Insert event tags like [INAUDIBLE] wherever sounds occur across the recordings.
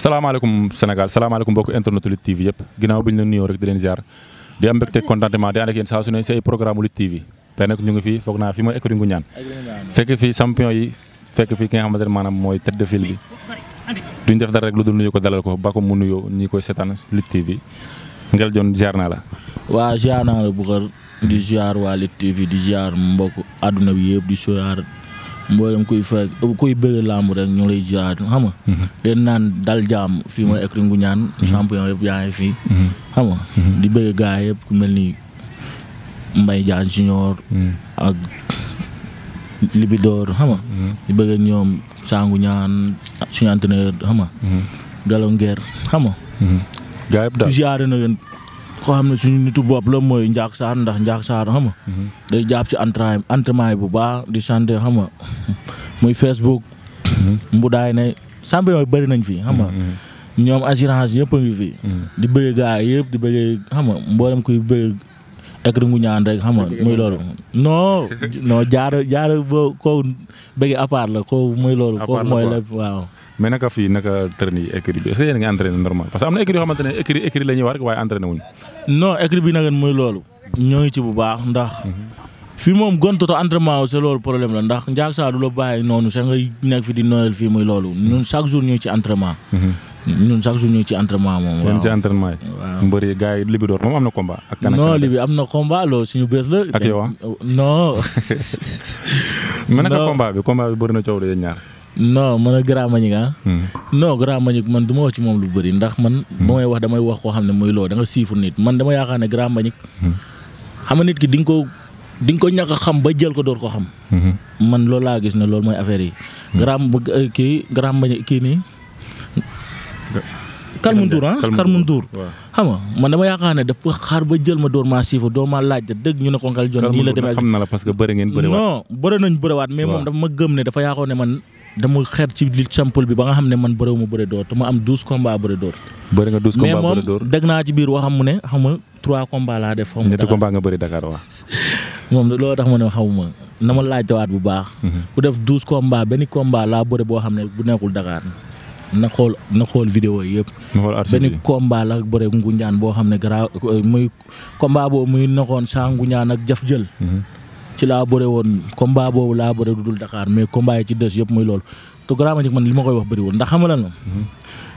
salaamaaleykum Sénégal salaamaaleykum mbokki internet Lutte TV yëpp ginnaaw bi ñu leen nuyoo rek di leen jaar di am mbégte contentement di ànd ak yéen saa su ne programme Lutte TV tey nag ñu ngi fi foog naa fi mooy écurie Ngoundiane fekk fi champion yi fekk fi ki nga xamante ne maanaam mooy tête de file bi duñ def dara rek lu dul nuyu ko dalal ko ba ko mu nuyoo ñi koy seetaan Lutte TV ngel joon ziar naa la. waaw ziar naa la bu xër di ziar waa Lutte TV di ziar mbokk àdduna bi yëpp di ziar mboolem kuy fekk kuy bëgg làmb rek ñu lay ziar xam nga. Mhm. naan dal jaam fii mooy mhm. écrin gu ñaan. Mhm. champion yëpp yaa ngi fii. xam nga di bëgg gaa yëpp ku mel ni Mbaye Diagne junior ak Libidoor xam di bëgg ñoom sangu ñaan suñu entraîneur xam nga. Gallo Nguer xam nga. gaa koo xam na suñu nitu bopp la mooy Ndiak Sarr ndax Ndiak Sarr xam nga mhm. day jàpp si entrain entraînement yi bu baax di santé xam nga muy Facebook. Mhm. mbudaay ne champion yooyu bëri nañ fi xam nga mhm. ñoom assurance yëpp a ngi fi. di bëgg gaa yëpp di bëgg xam nga kuy bëgg écrit ngu ñaan rek xam nga muy loolu non [LAUGHS] noo jaara jaara boo koo bëgg à part la koo muy loolu koo mooy la waaw mais naka fii naka tërën yi écrit bi est-ce que yéen a normal parce que am na écrit yoo xamante ne écrit écrit la ñuy wax rek waaye entraîné wuñu non écrit bi nag muy loolu ñoo ngi ci bu baax ndax mhm. fii moom gontoto entraînement c'est loolu problème la ndax njaag saa du la bàyyi noonu sax ngay nekk fi di noyal fii muy loolu ñun chaque jour ñuy ci entraînement mhm. ñun chaque jour ñu ci entraînement moom. waaw ci entraînement yi. waaw mbër yi gars yi libi door moom am na combat. ak kan non libi am na combat loolu suñu bés la. ak yow ah? [LAUGHS] non. [LAUGHS] mën na bi combat bi na coow de ñaar. non man a Grand Manick ah. Hmm. non Grand Manick man du ma wax ci moom lu bari ndax man. Hmm. ba may wax damay wax koo xam ne muy loolu da nga siifu nit man dama yaakaar ne Grand Manick. Hmm. xam nga nit ki di nga ko di ko ñàkk xam ba jël ko door ko xam. man loolu laa gis ne loolu mooy affaire yi. Grand kii Grand kii nii. Kalmu Ndour ah Kalmu man dama yaakaar ne dafa xaar ba jël ma door maa siifa doo maa dëgg ñu ne ko nii la demee xam na la parce que bëri ngeen ma gëm ne dafa yaakoo ne man dama xeer ci li ba nga xam ne man bëriwuma bëri door te ma am douze combats bëri door mais moom dégg naa ci biir waxam mu ne xam nga trois combats laa def xam nga nga bëri Dakar waaw [LAUGHS] moom loolu tax ma ne xamuma na ma laajtawaat bu baax mhm. ku def douze combats benn combat laa bëri boo xam ne bu nekkul Dakar na xool na xool vidéo yi yëpp. na xool archive benn combat la boo xam ne gara muy combat boobu muy noxoon saa Ngunjaan ak jaf jël. Mhm. ci laa bëre woon combat boobu laa bëre du dul Dakar mais combat yi ci des yëpp muy loolu te Grand Magic man li ma koy wax bëri woon ndax xamal na mhm.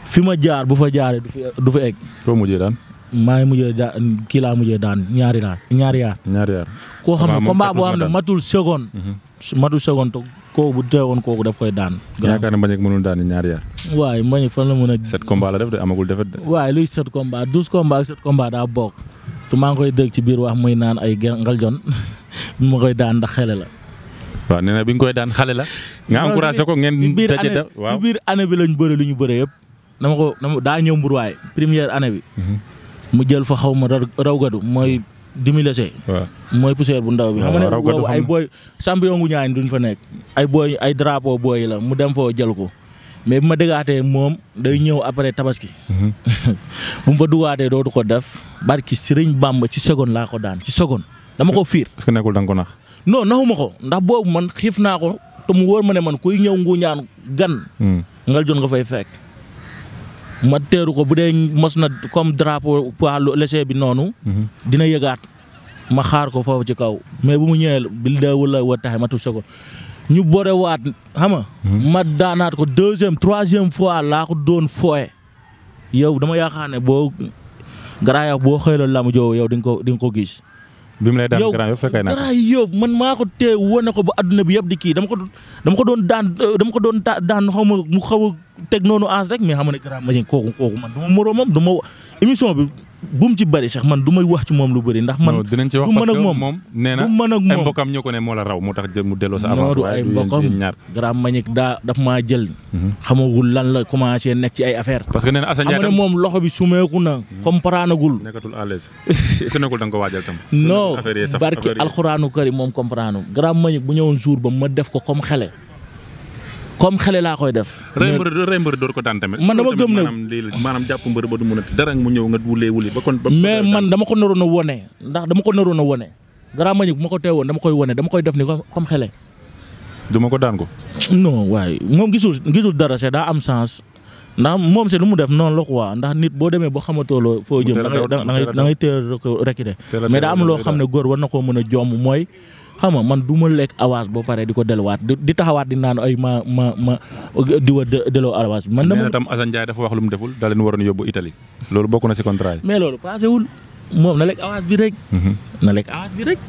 fi ma jaar bu fa jaaree du fa egg. foo mujjee daan. maa ngi mujjee da kii laa mujjee daan ñaari daan ñaari yaar. ñaari yaar koo xam ne combat boo xam ne matul seconde. Mhm. matul seconde kooku bu teewoon kooku daf koy daan. yaakaar na Mbagnick mënul daan ñaari yaar. waaye Mbagnick fan la mën a. sept combat la def de amagul defet de. waaye luy sept combat douze combat ak sept combat daa bokk. te maa ngi koy dégg ci biir wax muy naan ay ngaljon bi [LAUGHS] ma koy daan ndax xele la. waaw nee na bi nga koy daan xale la. nga encouragé ko ngeen waaw ci biir année bi lañ bëre lu ñu bëre yëpp. dama ko dama daa ñëw mburuwaay première année bi. Mhm. mu jël fa xaw ma raw gadu mooy dimilase mooy poussière bu ndaw bi xam boobu ay booy champion gu ñaan duñ fa nekk ay booy ay drapeau booy la mu dem foo jël ko mais bu ma dëggaatee moom day ñëw après tabaski mhm. [LAUGHS] bu mu fa dugaatee dootu ko def barki Sëriñ Bàmba ci seconde laa ko daan ci seconde dama ko fiir est nekkul da nga ko nax non naxuma ko ndax boobu man xiif naa ko te mu wóor ma ne man kuy ñëw nguñaan gan hmm. ngal joon nga fay fekk ma teeru ko bu dee mos na comme drapeau poids léger bi noonu. Mhm. dina yëgaat ma xaar ko foofu ci kaw mais bu mu ñëwee bil deewul la wa taxe ma touché ko ñu borewaat xam nga. Mhm. ma daanaat ko deuxième troisième fois laa ko doon fooye yow dama yaakaar ne boo garaayaaf boo xëy la làmb joo yow di nga ko di ko gis. bi mu lay daan Grand Yoff fekkee naa Grand Yoff man maa ko tee wane ko ba adduna bi yëpp di kii dama ko dama ko doon daan dama ko doon daan xaw ma mu xaw a noonu ans rek mais xam nga ne Grand Médine kooku kooku man du ma moroomam du ma émission bi bu ci bari sax man du may wax ci moom lu bëri ndax. man dinañ ci wax parce que moom nee na ay mbokkam ñoo ko ne moo la raw moo tax mu Grand Manick daa daf maa jël. Mhm. xamagul lan la commencé nekk ci ay affaire parce que na Assane moom loxo bi sumeeku na. Mhm. comprendre gul. nekkatul à l'aise est-ce que nekkul da nga ko waajal tam. non barki alxuraanu kari moom comprendre Grand Manick bu ñëwoon jour ba ma def ko comme xale. comme xale laa koy def. rey mbër ko daan tamit. man dama gëm nag maanaam jàpp mbër ba du mun a dara mu ñëw nga wulee wuli ba kon. mais man dama ko naroon a wone ndax dama ko naroon a wone. Grand Mbagnick bu ma ko woon dama koy wone dama koy def ni comme xale. du ma ko daan ko. non waaye moom gisul gisul dara c'est daa am sens. ndax moom si lu mu def noonu la quoi ndax nit boo demee ba xamatoo loo foo jëm. da a loo xam ne góor war na koo mën a jomm mooy xam nga man du ma lekk avance ba pare di ko delluwaat di taxawaat di naan ay ma ma ma di wa delloo avance bi. man de tam Assane Ndiaye lu mu deful da leen waroon yóbbu Italie loolu bokk na si contrat yi. mais loolu passé wul moom na lekk avance bi rek. Mhm. na lekk avance bi rek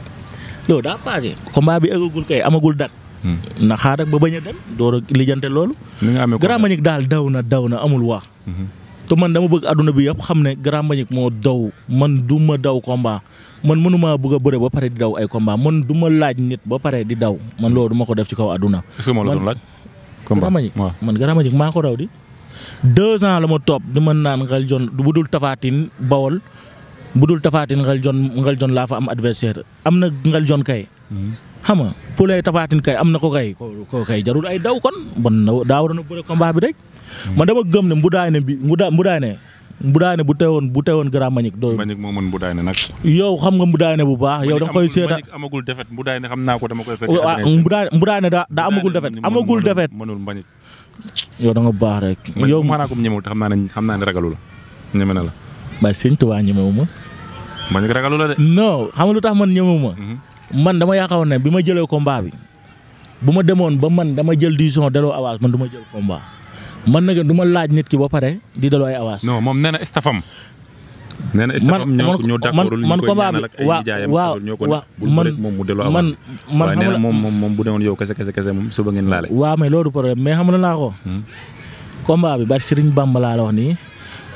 loolu daa passé combat bi eggagul kay amagul date. Hmm. na xaar rek ba bañ a dem door a lijjante loolu. ni nga amee Grand Mbagnick daal daw na daw na amul wax. Hmm. te man dama bëgg àdduna bi yëpp xam ne Grand moo daw man du ma daw combat man mënuma bëgg a bëre ba pare di daw ay combat man du ma laaj nit ba pare di daw man loolu duma ko def ci kaw àdduna. est-ce que moo la doon laaj. combat man Grand Mbagnick maa ko daw di. deux ans la ma topp di mën naan xel jon bu dul tafaatin bawol bu dul tafaatin xel jon xel jon laa fa am adversaire am na xel jon kay. Hmm. xam nga Poulay Tafatine kay am na ko kay ko kay jarul ay daw kon na daa waroon a ko combat bi rek. Hmm. man dama gëm ne mbudaay ne bi mbuda mbudaay ne. mbudaay ne bu teewoon bu teewoon grand Manick. doo Manick moo mën mbudaay ne nag. yow xam nga mbudaay bu baax. yow da nga koy amagul defet mbudaay ne xam naa ko dama koy fekk. waaw mbudaay mbudaay ne daa daa amagul defet amagul defet mënul Manick. yow da nga baax rek. yow maanaam comme ñemewul te xam naa ne xam naa ne ragalu la ñeme na la. waaye sëñ Tuba ñemewu ma. Manick ragalu la de. non xam nga lu tax man ñemewu ma. Mhm. man dama yaakaaroon ne bi ma jëlee combat bi bu ma demoon ba man dama jël décision delloo avance man du ma jël combat man nag du ma laaj nit ki ba pare di delloo ay moom nee na stafam. nee na stafam ñoo ñoo d'accordul ñu koy ñaanal ak ay nijaayam ñoo ko bul bëri moom mu delloo avance. man man xam moom moom bu demoon yow kese kese kese moom suba ngeen laale. waaw mais loolu problème mais xam na naa ko. Hmm? combat bi bari Serigne Bamba laa la wax nii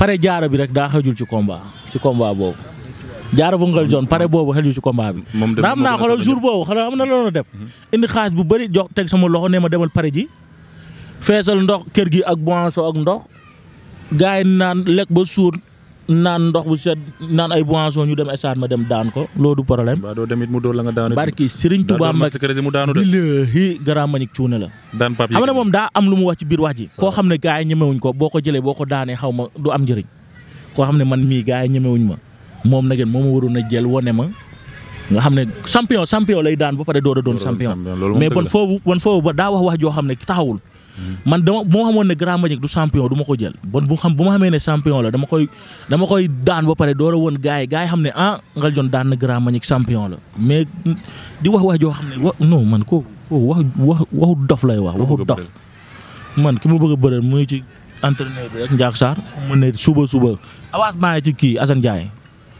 pare jaaro bi rek daa xajul ci combat ci combat boobu. jaara bu ngal joon pare boobu xel yu ci combat bi ndax am naa xoolal jour boobu xoolal am na loolu def mm-hmm. indi xaalis bu bari jox teg sama loxo ne ma demal pare ji feesal ndox kër gi ak boisson ak ndox gars yi naan lekk ba suur naan ndox bu sedd naan ay boisson ñu dem stade ma dem daan ko loolu du problème ba mu dóor la nga daanu barki Serigne Touba Mbacke billaahi grand manik cuune la daan papier xam ne moom daa am lu mu wax ci biir wax ji koo xam ne gars yi ñemewuñ ko boo ko jëlee boo ko daanee xaw ma du am njëriñ koo xam ne man mii gars yi ñemewuñ ma moom nag moom ma waroon a jël wone ma nga xam ne champion champion lay daan ba pare door a doon champion mais ban foofu bon foofu ba daa wax wax joo xam ne taxawul hmm. man dama bu ma xamoon ne Grand du champion du ko jël bon bu xam bu ma xamee ne champion la dama koy dama koy daan ba pare door a woon gars yi gars yi xam ne ah Ngaljon daan na Grand Mbagnick champion la mais di wax wax joo xam ne wa non man ko wax wax waxu dof lay wax waxu dof man ki ma bëgg a bëral muy ci entraîneur bi rek Ndiakhou Sarr ne suba suba avancement yi ci kii Assane Ndiaye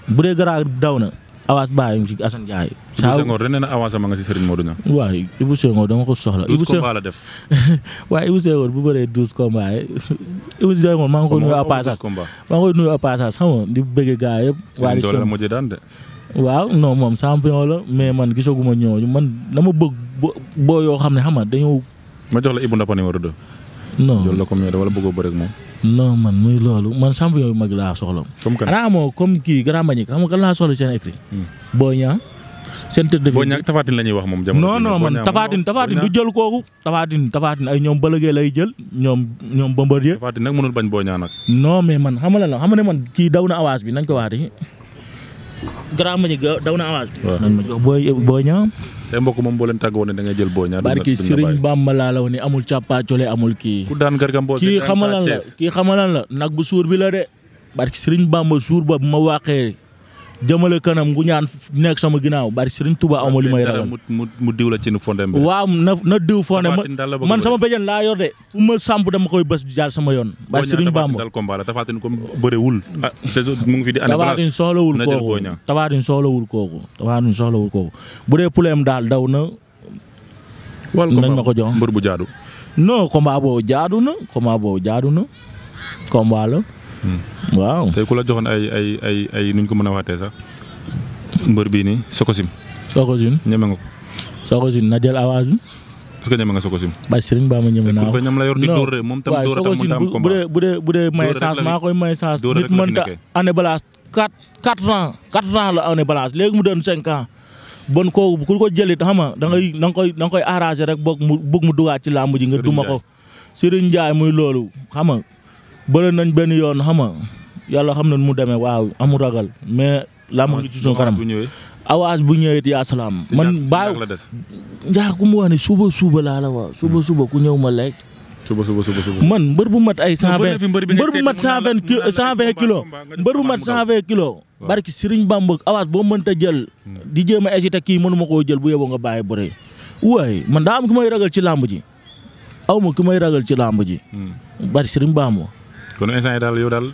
bu dee Gara daw na avance bàyyi ci Assane Ndiaye. Ibou Senghor ren na avance ma nga si Serigne Modou Niang. waaw Ibou Senghor dama ko soxla. Ibou Senghor 12 combats la def. [LAUGHS] waaw Ibou Senghor bu bëree 12 combats yi [LAUGHS] Ibou Senghor maa ngi koy nuyu à passage maa ngi koy nuyu à passage gaa yëpp. waa di doole waaw non moom champion la mais man gisaguma ñëw man ma bëgg boo yoo xam ne xam nga dañoo. ma jox la Ibou Ndapa numéro 2. non jël la ko wala bëggoo bëri moom. no man muy loolu man champion yooyu mag laa soxla. comme que xanaa amoo comme kii grand Mbagnick xam nga kan laa soxla seen écrit. Hmm. boo ñaa seen tëdd. boo ñaa Tapha la ñuy wax moom jamono non no man Tapha Tine Tapha Tine du jël kooku. Tapha Tine Tapha Tine ay ñoom Balla Gaye lay jël ñoom ñoom Bombardier. Tapha Tine nag mënul bañ boo ñaa nag. non mais man xam nga la xam nga ne man kii daw na avance bi nañ ko waxati. grand ma ga daw na avance. ma jox booy booy ñaa. say mbokk moom boo leen tàggoo ne da ngay jël booy ñaa. barki Serigne Bamba laa la woon amul càppaacole amul kii. ku daan gargam boo kii xamalan la kii xamalan la nag bu suur bi la de. barki Serigne Bamba suur ba bu ma waxee jëmale kanam ngu ñaan nekk sama ginnaaw bari Serigne tubaa amoo li may ragal mu diw la ci nu fondé waaw na na diw fondé man sama béjjën laa yor fu ma samp dama koy bés jaar sama yoon bari Serigne Bamba Tafatine comme bëriwul ah, saison mu ngi fi di année Tafatine soxlawul kooku Tafatine soxlawul kooku Tafatine soxlawul kooku bu dee problème daal daw na wal nañ ma ko jox mbër bu jaadu non combat boobu na combat boobu jaadu na combat waaw tey ku la joxoon ay ay ay ay nuñ ko mën a waxatee sax mbër bii nii Sococim. Sococim ñeme nga ko. Sococim na jël avance bi. est-ce que ñeme nga Sococim. ba Serigne Bamba ñeme naa ko ñam la yor di dóor rek moom tam dóor tam mu tam combat bu dee bu dee may chance maa koy may chance. nit mën ta année quatre quatre quatre ans la année balance léegi mu doon cinq ans. bon kooku ku ko jëlit xam nga da ngay da nga koy da arrangé rek boog mu boog mu dugaat ci làmb ji nga duma ko Serigne Ndiaye muy loolu xam nga bëri nañ benn yoon xam nga yàlla xam na mu demee waaw amu ragal mais. làmb ngi ci suñu kanam awaas bu ñëwee it yaa salaam. man baaw njaax ku mu wax ne suba suba laa la wax suba hmm. suba ku ñëw ma lek suba suba suba suba. man mbër bu mat ay cent vingt mbër bu mat cent vingt cent vingt kilos mbër bu mat cent vingt kilos. barki Sëriñ Bamba awaas boo mënta jël. Hmm. di jéem a hésité kii mënuma koo jël bu yeboo nga bàyyi bëre. waaye man daa am ku may ragal ci làmb ji aw ma ku may ragal ci làmb ji. Hmm. barki Sëriñ Bamba kon instant yi daal yow daal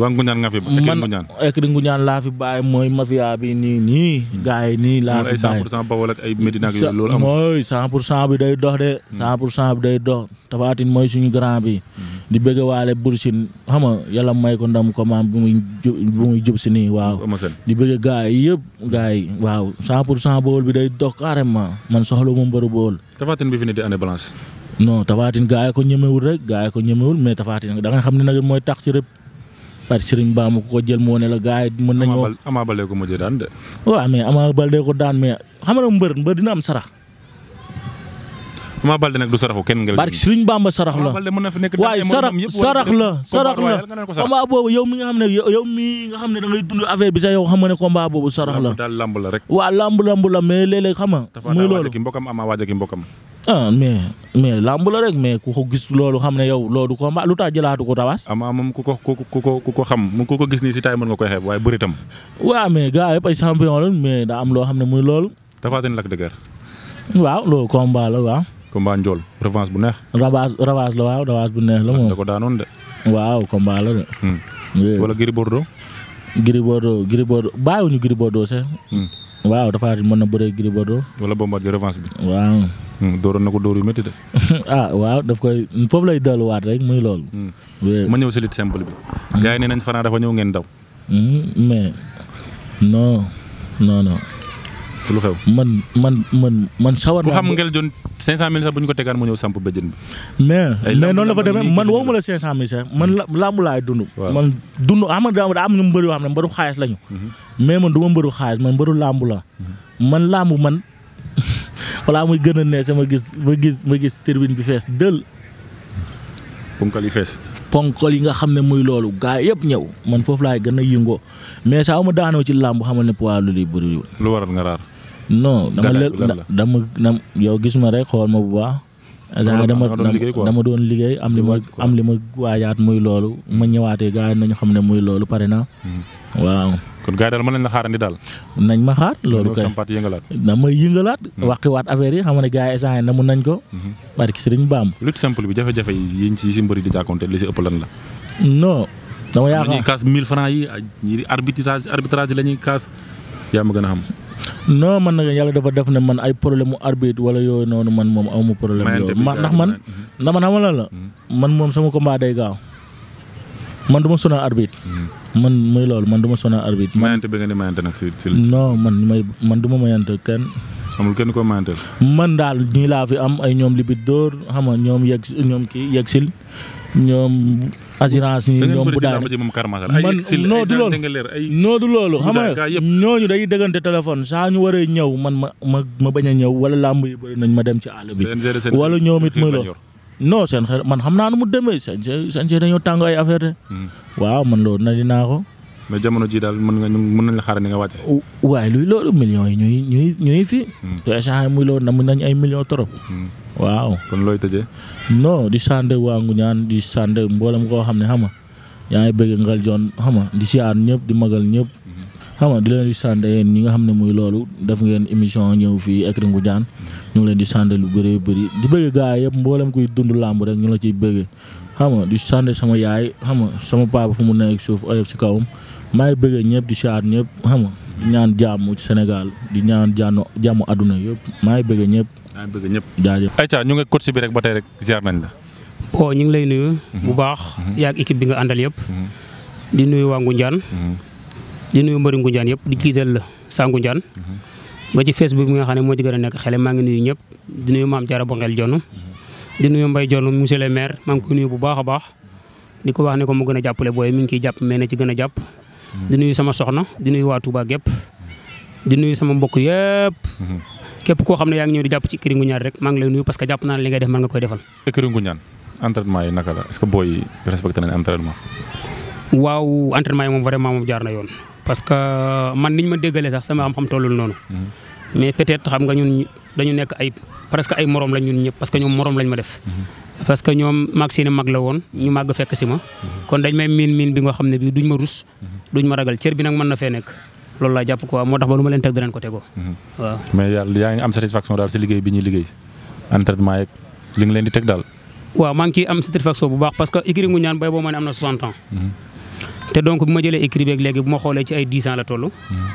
waa Ngunjaan nga fi. man ek di Ngunjaan laa fi bàyyi mooy mafia bi nii nii. gars nii laa fi bàyyi ay 100% mooy 100% bi day dox de. 100% bi day dox Tapha Tine mooy suñu grand bi. Mhm. di bëgg waale Boursin xam nga yàlla may ko ndam commande bu muy jub bu muy jub si nii waaw. di bëgg gars yi yëpp gars yi waaw 100% bi day dox carrément man soxla mu mbëru Bawol. Tapha Tine bi fi ne di année balance. non tafaatin gaa yi ko ñemewul rek gaa yi ko ñemewul mais tafaatin da nga xam ne nag mooy tax ci rëb parce que Serigne Ba jël moo ne la gaa yi mën nañoo Ama Baldé ko mujjee daan de. ko daan mais xam nga mbër mbër dina am sarax. Ama Baldé nag du saraxu kenn nga. barke Serigne Bamba la waaye sarax sarax la sarax la combat boobu yow mi nga xam ne yow xam ne da ngay dund affaire bi sax yow xam nga ne combat boobu sarax la. daal lamb la rek. waaw lamb lamb la mais léeg-léeg muy loolu a ki mbokam Ama a ki mbokam ah mais mais làmb la rek mais ku ko gis loolu xam ne yow loolu ko lu tax jëlaatu ko tabaas. amaa moom ku ko ku ko ku ko xam ku ko gis nii si taay mën nga koy xeeb waaye bëri tam. waaw mais gars yëpp ay champion la loo xam ne muy loolu. Tapha Tine Lac de Guiers. waaw loolu combat la waaw. combat bu neex. la waaw revanche bu neex la moom. Ah, da ko daanoon de. waaw Tapha Tine mën na bëree Gris Bordeaux. wala Bombardier revanche bi. waaw. Hmm, dooroon na ko door yu métti de. [LAUGHS] ah waaw daf koy foofu lay delluwaat rek muy loolu. Hmm. ma ñëw si lutte simple bi. Hmm. gars nee nañ Franc dafa ñëw ngeen daw. mais non non non. lu xew man man man man sawar naa. xam ngel joon 500000 sax bu ñu ko tegaan mu ñëw samp bëjën bi. mais mais noonu la ko demee man woo ma la 500000 sax man la laamu laay dund. man dund xam ah, nga daa am na mbër yoo xam ne mbëru xaalis lañu. Mhm. mais man du ma mbëru xaalis man mbëru làmb la. Mhm. man làmb man wala [LAUGHS] muy gën a ne sama gis ma gis ma gis tribune bi fees dël. ponkal yi fees. ponkal yi nga xam ne muy loolu gars yëpp ñëw man foofu laay gën a yëngoo mais saa ma daanoo ci làmb xamal ne poids lu li lu waral nga raar. non dama lël dama dama yow ma rek xool ma bu baax. dama dama doon liggéey am li ma am li ma waajaat muy loolu ma ñëwaatee gars yi nañu xam ne muy loolu pare na mm-hmm. waaw. kon gars yi daal mën nañ la xaarandi daal. nañ ma xaar loolu kay na ma yëngalaat. Mm-hmm. waat affaire yi xam nga ne gars yi instant na namu nañ ko. Mm-hmm. barki sëriñ Bamba. lutte simple bi jafe-jafe yi yiñ si si mbëri di jàkkoonte li si ëpp lan la. non. dama yaakaar ñuy kaas 1000 francs yi ñi arbitrage arbitrage la ñuy kaas yaa ma gën a non man nag yàlla dafa def na man ay problème mu arbitre wala yooyu noonu man moom amu problème yooyu man ndax man mm-hmm. man moom sama combat day mm-hmm. man du ma sonal arbitre man muy loolu man duma ma sonal arbitre mayante bi nga ne mayante nag man may ma mayante kenn amul kenn ko mayante man daal ñii laa fi am ay ñoom libit dóor xam ñoom yegg kii yegg sil assurance yi ñoom bu daal man noodu loolu noodu loolu xam nga ñooñu day dëggante téléphone saa ñu waree ñëw man ma ma ma a ñëw wala làmb yi bëri nañ ma dem ci àll bi wala ñoom it ma lool non seen xel man xam naa nu mu demee seen seen dañoo tàng ay affaire de hmm. waaw man loolu na dinaa ko mais jamono ji daal mën nga ñu mën nañ la xaar ni nga wàcc si. waaye luy loolu millions yi ñuy ñuy ñuy fi. Hmm. te échange muy loolu na mën nañ ay millions trop. Hmm. waaw kon looy tëjee. no di sant waa ñaan di sant mboolem koo xam ne xam nga yaa ngi bëgg ngal joon xam nga di siyaar ñëpp di magal ñëpp. Hmm. xam nga di leen di sant ñi nga xam ne muy loolu def ngeen émission ñëw fii Écurie Ngoundiane ñu ngi leen di sant lu bëree bëri di bëgg gaa yëpp mboolem kuy dund làmb rek ñu la ci bëgg xam di sant sama yaay xam nga sama papa fu mu nekk suuf oyof si kawam maa ngi bëggee ñëpp di siyaar ñëpp xam nga di ñaan jàmm senegal di ñaan jàmm jàmm àdduna yëpp maa ngi bëggee ñëpp. maa ngi bëggee ñëpp jaajëf. ayca ñu ngi coach bi rek ba tey rek ziar nañ la. bon ñu ngi lay nuyu. Mhm. bu baax. Mhm. yaa ngi équipe bi nga àndal yëpp. Mhm. di nuyu waa Ngoundiane. di nuyu mbëri Ngoundiane yëpp di kiital saa Ngoundiane. ba ci Facebook bi nga xam ne moo ci gën a nekk xale maa ngi nuyu ñëpp di nuyu maam Diarra Bonguel Dione. di nuyu Mbaye Dione monsieur le maire maa ngi koy nuyu bu baax baax ko wax ne ko mu jàppale booy mi ngi ciy jàpp mais na ci gën a jàpp di nuyu sama soxna di nuyu waa Touba gépp di nuyu sama mbokk yëpp. képp koo xam ne yaa ngi ñëw di jàpp ci Kër Ngoundiane rek maa ngi lay nuyu parce que jàpp naa ne li def man nga koy defal. Kër Ngoundiane entraînement yi naka la est-ce que booy yi respecté nañ waaw entraînement yi moom vraiment moom jaar na yoon parce que man niñ ma déggalee sax sama xam-xam tollul noonu. Mhm. mais peut-être xam nga ñun dañu nekk ay presque ay morom lañ ñun ñëpp parce que ñoom mm-hmm. mag seeni mag la woon ñu màgg fekk si ma. Mm-hmm. kon dañ may miin miin bi nga xam ne bii duñ ma rus. Mm-hmm. duñ ma ragal cër bi nag mën na fee nekk. loolu laa jàpp quoi moo tax ba lu ma leen teg daal bi ñuy liggéey entraînement yeeg li nga leen di waaw maa ngi am satisfaction bu baax parce que Ikiri Ngoundiane bay boo ma ne am na 60 ans. te donc bi ma jëlee écrit beeg léegi bu ma xoolee ci ay 10 la toll.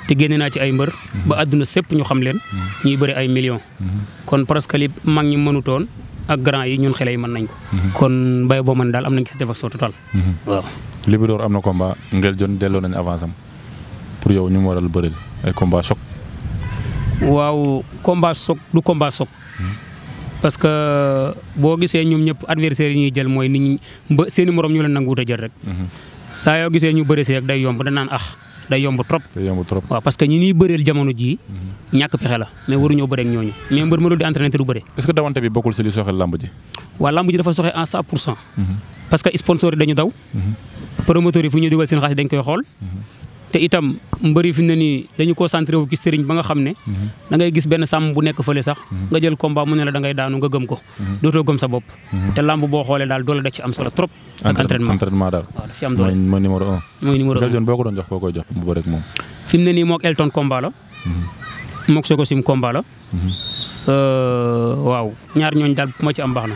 te génne naa ci ay mbër. ba àdduna sépp ñu xam leen. ñuy bëri ay millions. kon presque li mag ñi mënutoon ak grand yi ñun xale yi mën nañ ko. kon bay boo man daal am nañ satisfaction totale. waaw. Libidor am na combat Ngel Jon delloo nañ avance am pour yow ñu mu waral bëril ay combat choc. waaw combat choc du combat choc. parce que boo gisee ñoom ñëpp adversaire yi ñuy jël mooy nit ñi ba seen morom ñu leen nanguwut a jël rek. saa yoo gisee ñu bëri si rek day yomb danaan ax ah, day yomb trop. waaw parce que ñi ñuy bëreel jamono jii. Mhm. ñàkk pexe la mais waruñoo bëree ak ñooñu. mais mbër ma doon di entraîné te du bëri. est que dawante bi bokkul si li soxal ji. waaw lamb ji dafa soxe en mhm. sponsor yi dañu daw. Mhm. promoteurs yi fu ñuy dugal seen xaalis dañ koy xool. te itam mbëri fi ne nii dañu koo centré wu ci sëriñ ba nga xam ne mhm. da ngay gis benn sàmm bu nekk fële sax mhm. nga jël combat mu ne la da ngay daanu nga gëm ko mhm. dootoo gëm sa bopp te làmb boo xoolee daal doole da ci am solo trop ak entraînement entraînement daal waaw daf o am doole mooy numéro un mooy numéro un o ko doon jox koo koy fi mu ne nii mook Elton combat la mook Soko Sim combat la euh, waaw ñaar ñooñ daal bu ma ci am baax na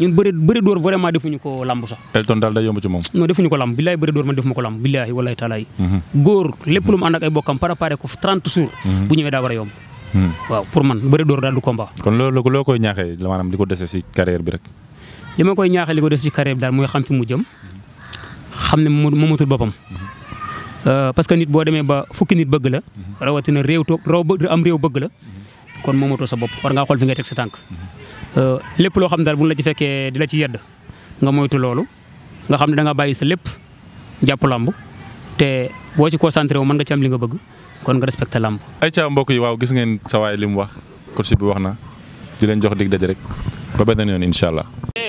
ñun bëri bëri dóor vraiment defuñu ko lamb sax. Elton daal day yomb ci moom. non defuñu ko lamb billaay bëri dóor man defuma ko lamb billaay walaay talaay. Mhm. góor lépp lu mu ànd ak ay bokkam préparé ko 30 jours. Mhm. a yomb. Mhm. waaw pour man bëri dóor daal du combat. kon loolu koy ñaaxee maanaam li ko dese si carrière bi rek. li ma koy ñaaxee li dese si carrière bi daal mooy xam fi mu jëm xam ne moomatul boppam. Euh, parce que nit boo demee ba fukki nit bëgg la. rawatina réew toog raw am réew bëgg la. kon moomatoo sa bopp war ngaa xool fi ngay teg sa tànk Euh, lépp loo xam ne daal bu ñu la ci fekkee di la ci yedd nga moytu loolu nga xam ne da nga bàyyi sa lépp jàpp làmb te boo ci concentré wu mën nga ci li nga bëgg kon nga respecté làmb. ay ca mbokk yi waaw gis ngeen sa waay li mu wax coach bi wax na di leen jox dig daje rek ba beneen yoon incha allah.